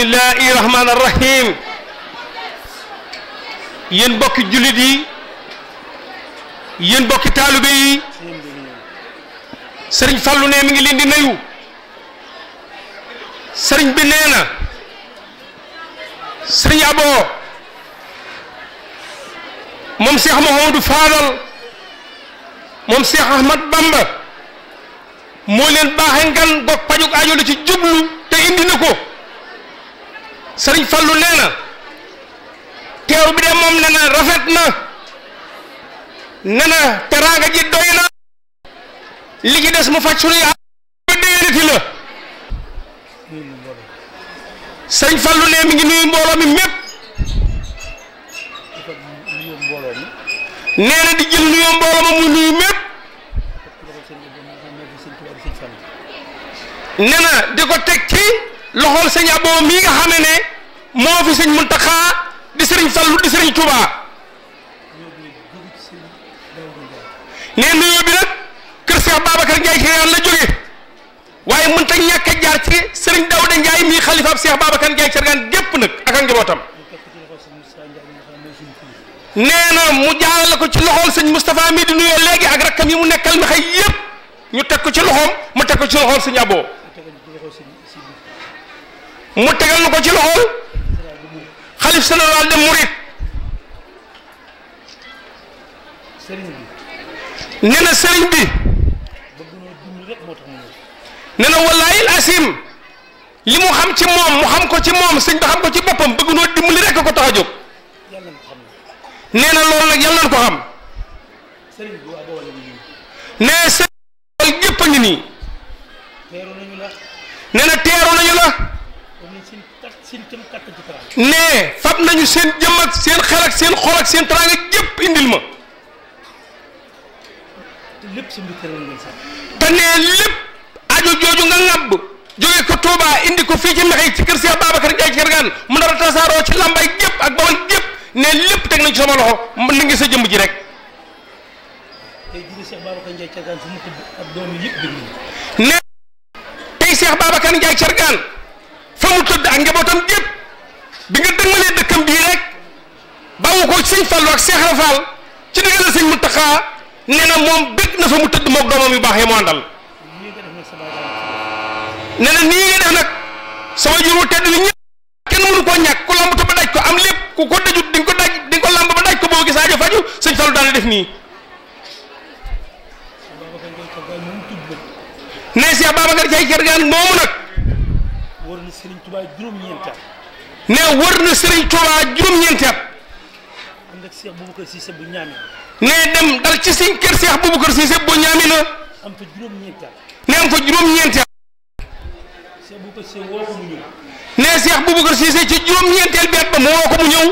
bismillahi rahmaani rahim yéen bokki jullit yi yéen bokki taalibe yi sëriñ Fallou ne mi ngi leen di nuyu sëriñ bi nee na sëriñ Abo moom Cheikh Mouhamadou moom Cheikh Ahmad Bamba moo leen baaxe ngan gog pajuk aajo la ci jublu te indi na sëriñ Fallu nee na teew bi de moom nee rafet na nee na teraanga ji doy na li ci des mu faj suñuy déwéniti la sëriñ Fallu nee mi ngi nuyu mbooloo mi mépp nee di ko teg ci loxol sëñ Abo nga xam ne moo fi sëñ Muntaxa di sëriñ Fallu di sëriñ Touba nee nuyoo bi nag kër Cheikh Babacar Ndiaye ci Réal la jóge waaye mënta ñàkk a jaar ci sëriñ Daouda Ndiaye mii xalifaab Cheikh Babacar Ndiaye ci Réal gépp nag ak ak njabootam nee na mu jaarale ko ci loxool sëñ Moustapha mii di nuyoo léegi ak rakkam yi mu nekkal mi xëy yépp ñu teg ko ci loxoom mu teg ko ci loxool sëñ Abo mu tegal na ko ci loxool xalif général de Mouride nee na sëriñ bi nee na walaayil asim li mu xam ci moom mu xam ko ci moom sëñ bi xam ko ci boppam bëgg noo dimbali rek ko tax a jóg nee na nag yàlla nañ ko xam nee sëriñ bi gépp a ngi nii nee teeru nañu la. nee fab nañu seen jëmm ak seen xel ak seen xol ak seen teraanga yépp indil ma te nee lépp ajo jooju nga ŋàbb jóge ko Touba indi ko fii ci Mekhe ci kër Cheikh Babacar Ndiaye ci mu nar a tasaaroo ci lambay gépp ak bawal gépp nee lépp teg nañ ci sama loxo na ngi sa jëmm ji rek tey jii Cheikh Babacar Ndiaye Thiergane fu mu tëdd ak fa mu tëdd ak njabootam gépp bi nga dëgmalee dëkkam bii rek bàyyi ko sëñ Fallu ak Seex Rafaal ci diggante sëñ Muntaxa nee na moom bëgg mu tëdd yu baax yi mu àndal nee na nii nga nag sama jur wu tedd ñëpp kenn mënu koo ñàkk ku lamb ba daj ko am lépp ku ko dajut di ko daj di nga ko lamb ba daj ko boo gis aajo faju sëñ Fallu daal def nii ne Seex Babacar Jaay Kergaan moomu nag war na Sëriñ ne wër na Serigne Touba juróom-ñeenti at. ne dem dal ci sëñ kër Cheikh Boubacar Cissé bu ñaami la. am fa juróom-ñeenti at. ne am bu juróom-ñeenti at. ne Cheikh Boubacar Cissé ci juróom-ñeenteel bi at ba mu woo ko mu ñëw.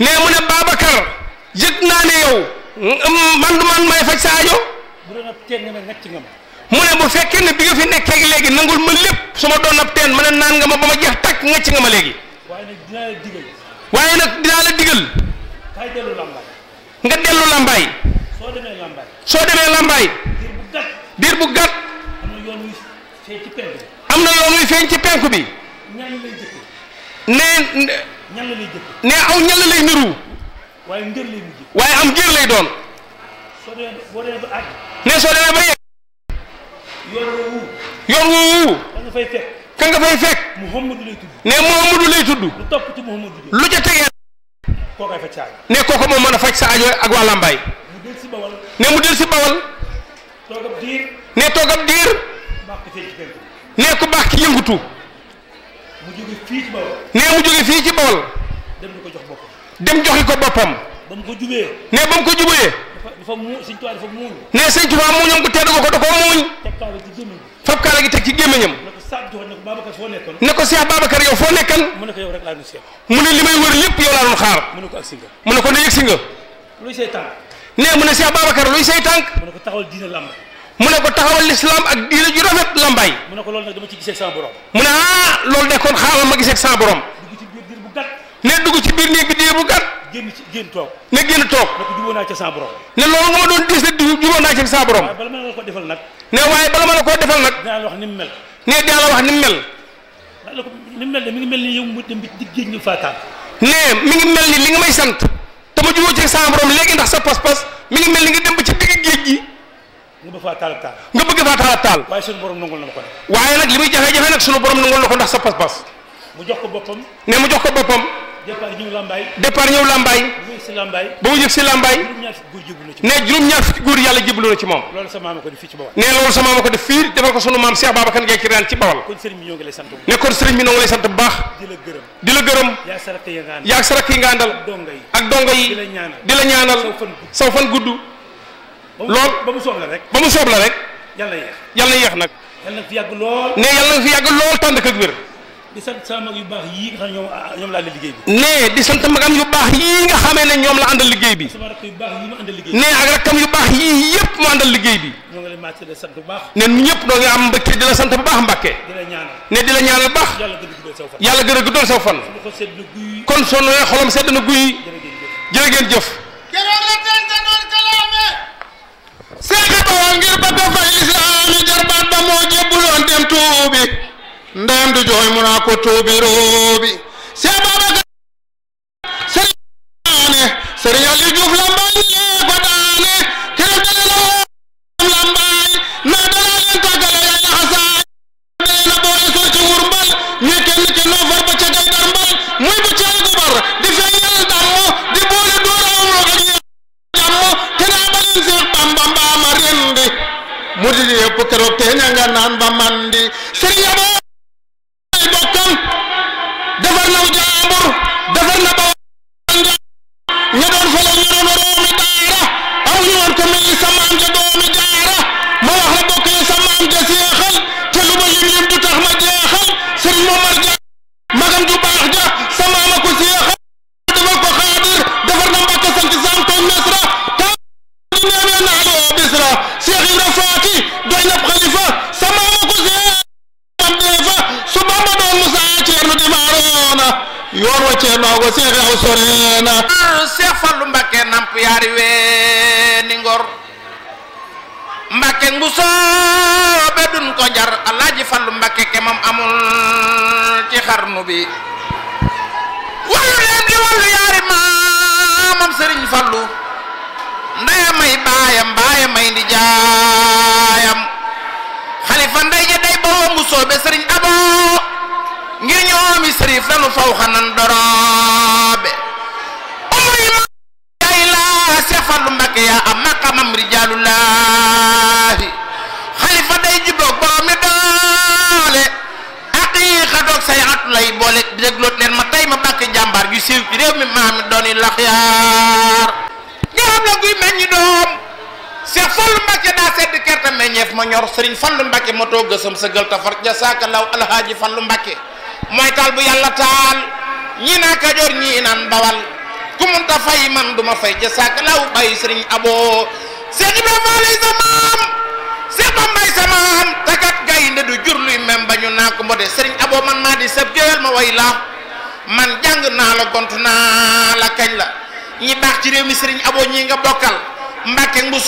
ne mu ne Babacar yëg naa ne mm, mm, man du man may faj saajo. bu doon ab teen nga ne mu ne bu fekkee ne bi nga fi nekkee ak léegi nangul ma lépp su ma doon ab teen ma ne naan nga ma ba ma jeex nga ci nga ma léegi. waaye nag dinaa la digal. waaye la dellu lambaay. nga dellu lambaay. soo demee lambaay. soo demee lambaay. diir bu gàtt. diir bu gàtt. am na yoon wuy feeñ ci penku bi. am na lay jëkkee. ne. aw ñan lay niru. waaye lay mujj. waaye am ba àgg. yoon woowu. yoon woowu. ka nga fay fekk. ka nga fay fekk. lay tudd. ne lu topp ci Muhammadu lu ca tegee. kookay faj sa aajo. ne kooku moo mën a faj sa aajo ak waa Lambaay. mu del si bawal. ne mu del si bawal. toog ab diir. ne toog ab diir. ne ko baax ki yëngutu. ne mu jóge fii ci bawal. dem joxi ko boppam. dem joxi ko boppam. bam ko jubé né bam ko jubé dafa mu seigne touba dafa muñ né seigne touba muñam ko tedd ko da ko muñ fab kala gi tek ci gémmiñam ne ko cheikh babacar yow fo ko yow rek la ne limay wër lepp yow la ñu xaar mu ko ak singa mu ne ko ne yexi nga luy mu ne cheikh ko taxawal diina lamb mu ne ko taxawal l'islam ak diina ju rafet lambay mu ne ko dama ne ah ne ci génn ci génn toog ne génn toog ne ko jubóo naa ci sa borom ne loolu nga ma doon diis ne jubóo naa ci sa borom waaye bala ma la ko defal nag ne waaye bala ma la koo defal nag dinaa la wax ni mu mel ne dinaa la wax ni mu mel ko ni mu mel de mi ngi mel ni yow mu dem ne mi ngi mel ni li nga may sant te ma jubóo ci sa borom léegi ndax sa pas-pas mi ngi mel ni nga dem ci digg géej gi nga bëgg faa taal ab taal nga bëgg faa taal ab taal waaye suñu borom nangul na ko waaye nag li muy jafe-jafe nag suñu borom nangul na ko ndax sa pas-pas mu jox ko boppam ne mu jox ko boppam départ ñëw Lambaay. départ ñëw ba mu yëg si Lambaay. ne juróom-ñaar fukki góor yàlla jébbalu na ci moom. loolu sama maam ko def fii ci Bawol. ne loolu sama maam ko def fii defal ko sunu maam Cheikh Babacar Gaye ci daan ci Bawol. ne kon sëriñ bi ñoo lay sant bu baax. di la gërëm di la gërëm. yaa sa rakk yi nga àndal ak donga yi di la ñaanal saw fan gudd. lool ba mu soob rek ba mu soob la rek. yàlla na yeex nag. yàlla na yàgg lool. ne yàlla na fi yàgg lool tànd ak wér di sant sama yu bax yi nga xam ñom ah, la andal liggéey bi né di sant magam yu bax yi nga xamé ne ñom la andal liggéey bi sama rek yu bax yi ma andal liggéey né ak rakkam yu baax yi yépp andal liggéey bi ngi di la ne di la ñaanal bax yalla gën guddal saw fan kon sonu nooy xolam sedd na guuy jëf kéro la kalaame ba ngir ba ko fay ba ndandu joy mona ko tuubi roobi se baba sëriñ ne sëriñ Ali ko Cheikh Raw sori na Cheikh Fallou Mbacké namp yaari weeni ngor Mbacké bu soobe duñ ko jar Alaaji Fallou Mbacké ke moom amul ci xarnu bi wallu leen di wallu yaari maamam Serigne Fallou ndaya may baayam baaya may ndi jaayam xalifa nday ja day bawam bu soobe Abo ngir ñoomi sërif lanu faw xanan doro ñor serigne Fallu Mbàkke ma toog gësam sëgal tafar jasaakalaaw alhaji Fallu Mbàkke moy tal bu yalla taal na ka jor ñi nan Bawal ku ta fay man duma fay jasaakalaaw bay serigne abo serigne Ibra malay zamam maam Seex Bambaay sa maam takat gaynde du jur luy mem ba ñu naa ko mbode sëriñ man ma di sepp géwél ma way la man jang na la gont na la kañ la ñi bax ci rew mi serigne abo ñi nga bokal Mbàkke bu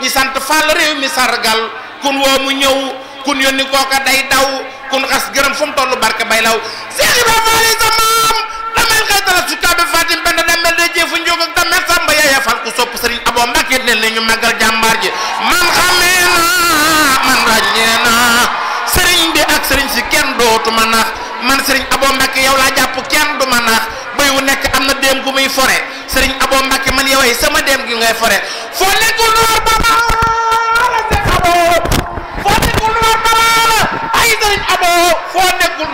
ñi sante Fall rew mi sargal kun woo mu ñëw kun yónni kooka day daw kun xas gërëm fu mu toll barke bay law Seex Ibra Faal sa maam damel xëy tala sukaabe fatim benn damel de jeefu njóog ak damel sàmba yaaya ku sopp sëriñ aboo mbàkke ne ñu màggal jàmbaar ji man xamee naa man ràññee naa sëriñ bi ak sëriñ si kenn dootuma nax man sëriñ aboo mbàkke yow laa jàpp kenn duma nax bëy wu nekk am na déem gu muy fore sëriñ aboo mbàkke man yoway sama déem gi ngay fore foo nekku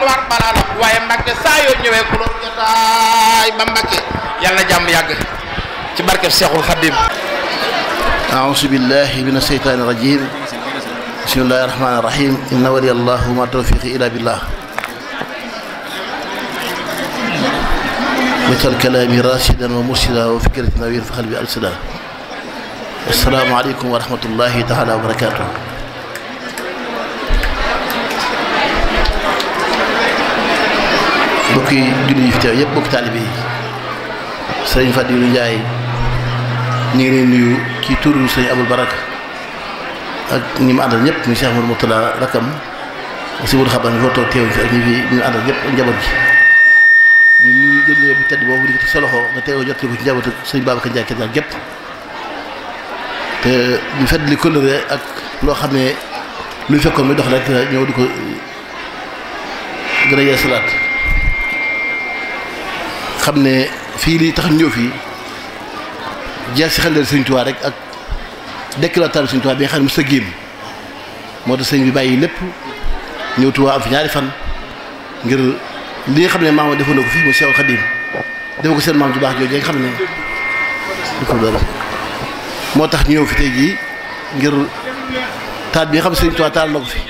war balaanam waaye Mbàkke saa yoo ñëwee ku doon jotaay ba Mbàkke yàlla jàmm yàgg ci barkeb Seexul Xaddim أعوذ بالله من الشيطان الرجيم بسم الله الرحمن الرحيم إن ولي الله ما توفيقي إلا بالله كلامي راشدا ومرشدا وفكرة نوير في قلبي أرشدا السلام عليكم ورحمة الله تعالى وبركاته bokki julli yi fi teew yëpp bokki taalibe yi sëriñ Fadilou Ndiaye ñu ngi leen nuyu ci turu sëriñ Abul Baraka ak ñi mu àndal ñëpp muy Cheikh Mourou Mourtada rakam si wut xabaar ñu teew ñu àndal ñëpp njaboot ji ñu ñu jël bi tedd boobu di ko sa loxo nga teewoo jot ko ci njabootu sëriñ Babacar Ndiaye te ñu fedd li kóllëre ak loo xam ne luy fekkoon muy dox rek ñëw di ko gën a yeesalaat xam ne fii lii tax ñëw fii jeex si xandal Sëriñ Tuubaa rek ak déclaration Sëriñ Tuubaa bi nga xam ne mos a génn moo tax sëñ bi bàyyi lépp ñëw Tuubaa am fi ñaari fan ngir li xam ne maam defoon na ko fii mu Seexul Xadiim defe ko seen maam ju baax jooju nga xam ne moo tax ñëw fi tey jii ngir taal bi nga xam ne Sëriñ taal na ko fi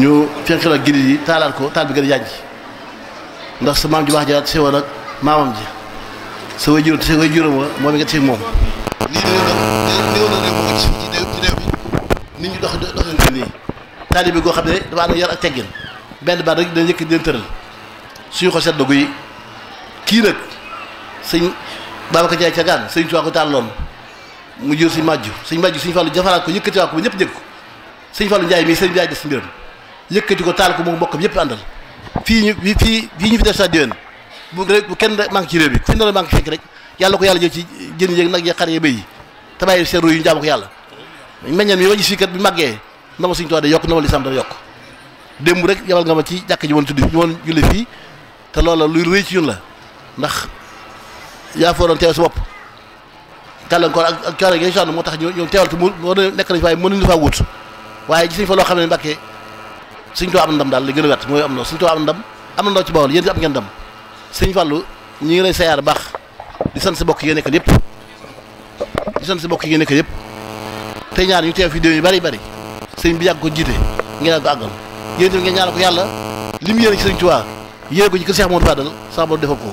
ñu fenqil ak gili yi taalaat ko taal bi gën a yànj ndax sa maam ji baax jëlaat sewoon ak maamam ji sa way juróom sa way juróom moom nga ci moom lii di nga doon réew mi dox doxalin ko nii taalibe goo xam ne dafa ànd yar ak teggin benn baat rek dina njëkk dina tëral suñu ko seetlu guy kii nag sëñ Babacar Ndiaye ca gaan sëñ Tuubaa ko tàlloon mu jur sëñ màjju sëñ màjju jafaraat ko yëkkatiwaat ko ba ñëpp jëkk ko sëñ Fallou Ndiaye mii sëñ Ndiaye des mbiram yëkkati ko taal ko moom mbokkam yëpp àndal fii ñu fii fii ñu fi def saa déwén bu bu kenn manque ci réew bi fi na la manque ko yàlla jël ci jën yéeg nag ya xar ya béy yi te yu ñu ko yàlla meññeen mi ma gis fii bi màggee na ma suñ too de yokk na ma li sam dana yokk démb rek yabal nga ma ci jàkk ji woon tuddi ñu woon fii te loola luy rëy ci ñun la ndax yaa doon teew sa bopp gàllankoor ak ak coore gi sonn moo tax ñu ñoom teewal te mu nekk nañ waaye mënuñu faa wut waaye gis nañ fa loo xam ne mbàkkee suñ too am ndam daal li gën a wett mooy am ndam suñ too am ndam am na ndam ci bawol yéen ci am ñu ngi lay sayaar baax di sant si bokk yi nekk yëpp di sant si bokk yi nekk yëpp tey ñaar ñu teew fi bari bari bi yàgg ko jiite ngeen yàgg ko àggal yéen tamit ngeen ñaanal ko yàlla li mu yéene ci sëñ ko ci kër Cheikh Modou Fadal ko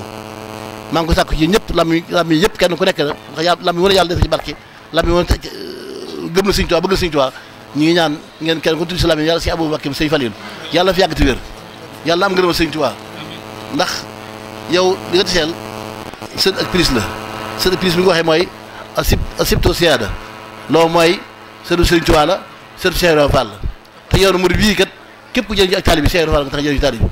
maa ngi ko sàkku ci ñëpp lam yi lam yëpp kenn ku nekk la lam yi wala yàlla def ci barke lami yi wala eh, gëm na sëñ Tuubaa bëgg na ñu ngi ñaan ngeen kenn ku tudd si làmmiñ yàlla si Aboubacar bi sëñ Falil yàlla fi yàgg ti wér yàlla am ngërëm sëñ Tuubaa ndax yow li nga tiseel sën ak prise la sën ak prise bi nga waxee mooy asib asibto siyaada loolu mooy sënu sëñ Tuubaa la sënu Cheikh Ibra Fall la te yow murid bii kat képp ku jëriñ ci ak taalibe nga tax jëriñ ci taalibe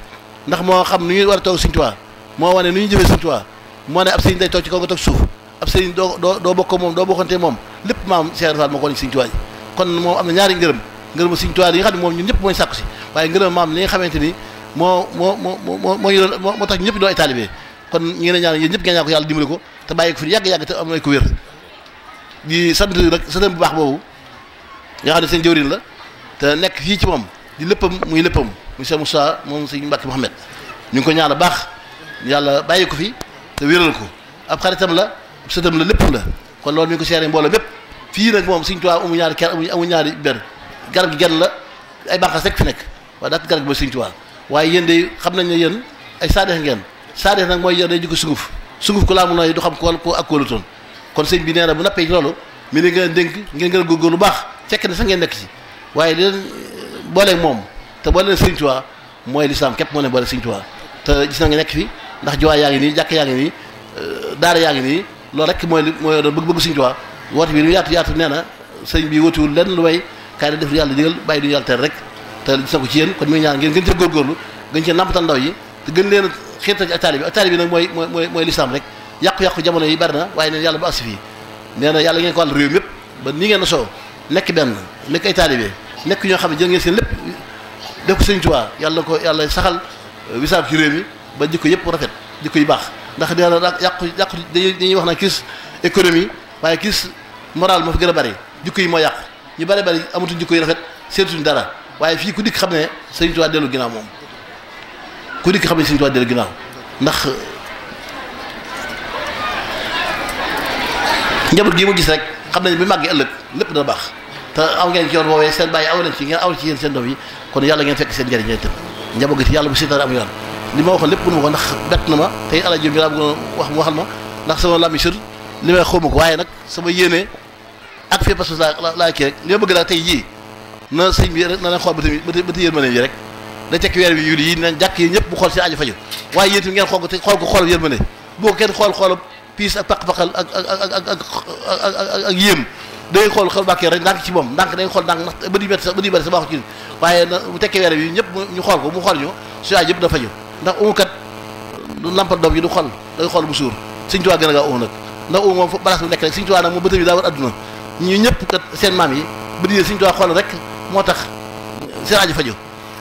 ndax moo xam nu ñuy war a toog sëñ Tuubaa moo wane nu ñuy jëfee sëñ Tuubaa moo ne ab sëñ day toog ci kaw nga toog suuf ab sëñ doo doo doo bokk moom doo bokkante moom lépp maam Cheikh Ibra Fall moo ko kon moom am na ñaari ngërëm ngërëmu Sëriñ Tuubaa yi nga xam ne moom ñun ñëpp mooy sàkku si waaye ngërëm maam li nga xamante ni moo moo moo moo moo moo tax ñëpp doon ay kon ñu ngi leen ñaan yéen ñëpp ko yàlla dimbali ko te bàyyi ko fi yàgg-yàgg te am na ko wér di sant rek santam bu baax boobu nga xam ne seen jëwriñ la te nekk fii ci moom di léppam muy léppam monsieur Moussa moom sëñ Mbàkke Mohamed ñu ngi ko ñaan baax yàlla bàyyi ko fi te wéral ko ab xaritam la sëtam la léppam la kon loolu mi ko seere mbooloo bépp fii nag moom Sëñ Tuubaa amu ñaari ker amu ñaari ber garab gi genn la ay bànqaas rek fi nekk waaye daat garab gi mooy Sëñ Tuubaa waaye yéen de xam nañ ne yéen ay saadex ngeen saadex nag mooy yéen day jikko sunguf sunguf ku laamu nooy du xam ko ko ak kon sëñ bi nee na bu nappee ci loolu mi ne ngeen dénk ngeen gën a góorgóor lu baax fekk ne sax ngeen nekk ci waaye li leen booleeg moom te boole leen Sëñ Tuubaa mooy lislaam képp moo ne boole Sëñ Tuubaa te gis na nga ndax juwaay yaa ngi nii jàkk yaa ngi nii euh, daara yaa loolu mooy mooy doon bëgg-bëgg Sëñ Tuubaa woote bi lu yaatu yaatu nee na sëñ bi wootiwul lenn lu way kaay la def lu yàlla digal bàyyi du yàlla teel rek te gis na ko ci yéen kon mi ngi ñaan ngeen gën cee góorgóorlu gën cee nampatal ndaw yi te gën leen xiirtal ci ak taalibe ak taalibe nag mooy mooy mooy lislaam rek yàqu-yàqu jamono yi bari na waaye neen yàlla bu asif yi nee na yàlla ngeen ko wàll réew mépp ba nii ngeen na soow nekk benn nekk ay taalibe nekk ñoo xam ne jël ngeen seen lépp def ko sëñ Tuubaa ko yàlla saxal euh, wisaab ci réew ba jikko yëpp rafet jikko yu baax ndax nee na yàqu yàqu dañuy wax na crise économie waaye gis morale moo fi gën a bari jikko yi moo yàqu ñu bari bari amatuñ jikko yi rafet seetuñ dara waaye fii ku dikk xam ne Sëriñ Tuubaa dellu ginnaaw moom ku dikk xam ne Sëriñ Tuubaa dellu ginnaaw ndax njaboot gi mu gis rek xam nañ bi màggee ëllëg lépp dana baax te aw ngeen ci yoon woowee seen bàyyi aw nañ ci ngeen aw ci yéen seen doom yi kon yàlla ngeen fekk seen njëriñ leen tam njaboot gi ci yàlla bu seetaane am yoon li ma waxoon lépp mënu ma ko ndax bett wax mu waxal ndax sama làmmi li may xawma ko waaye nag sama yéene ak fee pas-pas laa laa kii rek li ma bëgg daal tey yii na sëñ bi na leen xool ba tamit ba tey yërmande yi rek da tekki weer bi yuli yi nañ jàkk yi ñëpp bu xool si aju faju waaye yéen tamit ngeen xool ko xool ko xoolab xool xoolab piis ak paq-paqal ak xool xool bàkkee rek ndànk ci moom ndànk day xool ndànk ndax ba di métti sax ba di ñëpp ñu xool mu xool ñu su aaj yëpp da faju ndax umu kat du lampal doom yi du xool day xool bu suur sëñ tuwaa gën a gaaw umu nag ndax u moom balaas bu nekk rek Sëriñ Tuubaa nag moom bëtë bi daa war adduna ñu ñëpp seen maam yi bu digee Sëriñ Tuubaa xool rek moo tax seen aajo fajo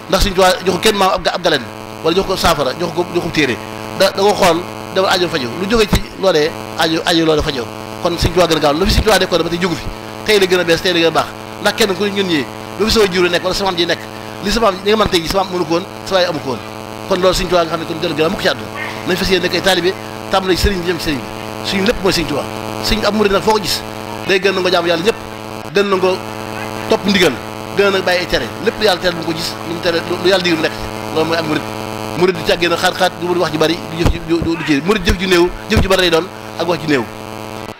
ndax Sëriñ Tuubaa jox ko kenn maam ab galen wala jox ko saafara jox ko jox ko téere da da xool dama aajo faju lu jógee ci loolee aajo aajo loolee a gaaw lu fi Sëriñ Tuubaa dekkoon dama a bees tey la gën a baax kenn ku ñun ñii lu fi sama nekk wala sama am ji nekk li sama am li nga mën tey ji kon loolu Sëriñ Tuubaa xam ne kon gën a gën a mukk ci àdduna nañ fas yéene nekk ay taalibe tàmbali sëriñ bi jëm sëriñ bi suñu lepp moy sëñ Tuubaa sëñ ab murid nag gis day gën na nga jamm yalla ñep gën nga top ndigal gën nga baye téré lepp yalla téré nga gis ñu téré lu yalla digal nek lool moy mooy murid di càggee na xat xaat du wax ju bari du jëf du jëf murid jëf ju neew jëf ju bari doon ak wax ju neew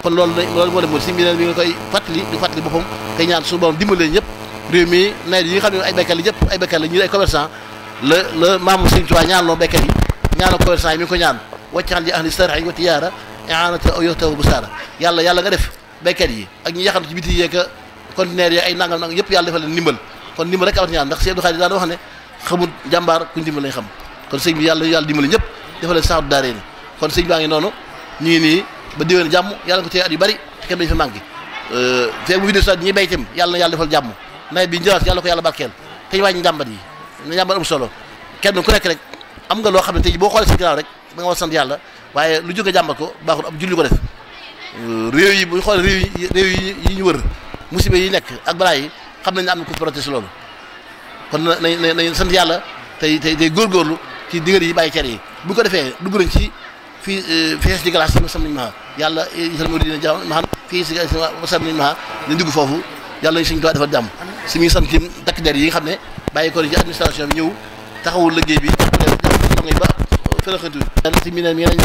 kon lool lool mo dem suñu bi mi koy fàttali di fàttali bopam kay ñaan suñu borom dimbalé ñep réew mi nay yi xamni ay bekkal la ay bekkal ñi ñu ay commerçant le le maamu sëñ Tuubaa ñaan lo bekkal ñaan ko sa mi ko ñaan waccaxal di ahli sarxi wa tiyara aanata aw yoxtawa bustaana yàlla yàlla nga def béykat yi ak ñi yaxantu ci biti yeeg conteneur yi ay nangam nangam yëpp yàlla defal leen ndimbal kon ndimbal rek amat ñaan ndax Sëñ Abdou Khadre daan wax ne xamul jàmbaar kuñ dimbal lañ xam kon sëñ bi yàlla yàlla ñëpp defal leen saxatu daaree ni kon sëñ baa ngi noonu ñu ba déwén jàmm yàlla ko tey yu bari kenn dañu fa manqué euh, feeg bu fi dee soit ñi béy itam na yàlla defal jàmm nawet bi ñëwaat yàlla ko yàlla barkeel te ñu wàññi njàmbat yi solo kenn ku nekk rek am nga loo xam ne tey boo xoolee sa ginnaaw rek da nga war sant yàlla waaye lu jóge jàmbat ko baaxul ab julli ko def réew yi bu xool réew yi ñu wër musiba yi nekk ak balaa yi xam nañ ne am na ku proté si loolu kon nañ nañ sant yàlla tey tey tey góorgóorlu ci digal yi bàyyi cer yi bu ko defee dugg nañ ci fii euh, fees di glace sam nañ ma yàlla eh, isal ma dina jàmm ma xam fii si sam nañ maa dañ dugg foofu yàlla suñ tuwi defal jàmm si mi ngi sant ci takk der yi nga xam ne bàyyi ko ci administration bi ñëw taxawul liggéey bi xam ne ba feraxatu yàlla si mi neen mi ngi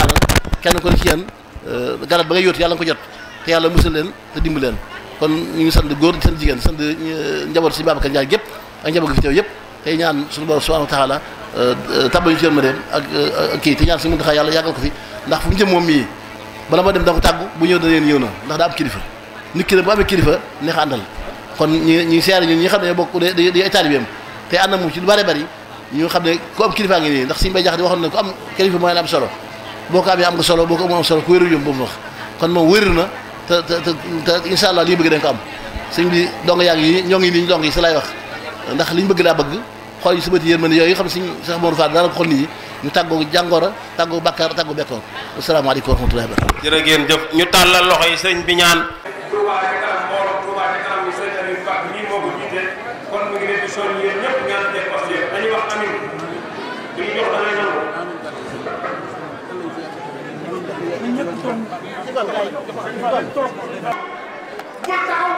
kenn ko ne ci yéen euh, garab ba ngay yóotu yàlla nga ko jot te yàlla musal leen te dimb leen kon ñu ngi sant góor di sant jigéen sant euh, njaboot si Babacar Ndiaye gépp ak njaboot gi fi teew yëpp tey ñaan suñu borom subhanahu wa taala euh, tàbbal kii te ñaan suñu Muntaxa yàlla yàggal ko fi ndax fu mu jëm moom mii bala ma dem da ko tàggu bu ñëw da leen ñëw na ndax daa am kilifa nit ki bu amee kilifa neex a àndal kon ñi ñi seere ñun ñi xam ne bokk day taalibeem te ñu xam ne ku am kilifa ngi nii ndax suñu bay jax di waxoon ne ku am kilifa mooy la am solo boo ko amee am nga solo boo ko amul am solo ku wéru yóm boobu wax kon moom wéru na te te te incha allah li bëgg dañ ko am sëñ bi dong yaa ngi ñoo ngi nii dong yi si lay wax ndax liñ bëgg laa bëgg xool yi subati yéen mën yooyu xam siñ sax moon faat daana ko xool nit ñi ñu tàggoo jàngoro tàggoo bàkkaar tàggoo bekkoor asalaamaaleykum wa rahmatullahi ngeen jëf ñu tàllal loxo yi sëñ bi ñaan toog bu taxaw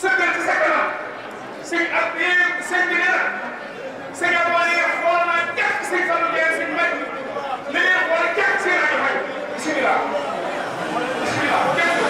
sëggal ci sa kanam sëñ ak sëñ bi ne la sëñ ak wala yow xool naa jàpp si fan ngeen si mbéy mi ne leen xool jàpp si rajo xay bisimilah bisimilah